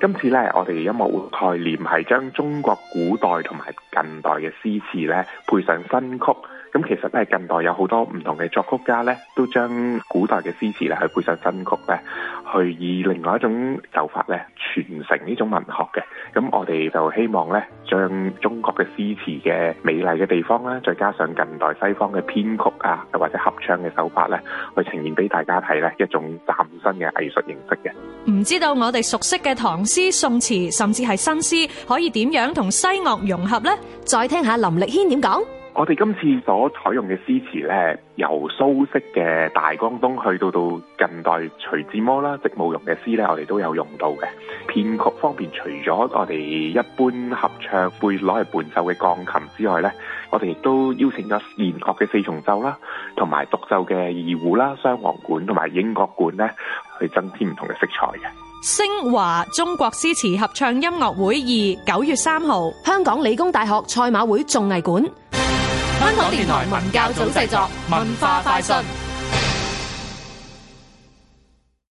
今次呢，我哋音樂概念係將中國古代同埋近代嘅詩詞呢，配上新曲。咁其實呢，近代有好多唔同嘅作曲家呢，都將古代嘅詩詞去配上新曲呢，去以另外一種手法呢傳承呢種文學嘅。咁我哋就希望呢，將中國嘅詩詞嘅美麗嘅地方咧，再加上近代西方嘅編曲啊，又或者合唱嘅手法咧，去呈現俾大家睇咧一種嶄新嘅藝術形式嘅。唔知道我哋熟悉嘅唐詩、宋詞，甚至係新詩，可以點樣同西樂融合呢？再聽下林力軒點講。我哋今次所採用嘅詩詞呢，由蘇軾嘅大江東去到到近代徐志摩啦、席慕容嘅詩呢，我哋都有用到嘅。編曲方面，除咗我哋一般合唱會攞嚟伴奏嘅鋼琴之外呢，我哋亦都邀請咗弦樂嘅四重奏啦，同埋獨奏嘅二胡啦、雙簧管同埋英國管呢，去增添唔同嘅色彩嘅。昇華中國詩詞合唱音樂會，二九月三號，香港理工大學賽馬會綜藝館。香港電台文教組製作，文化快訊。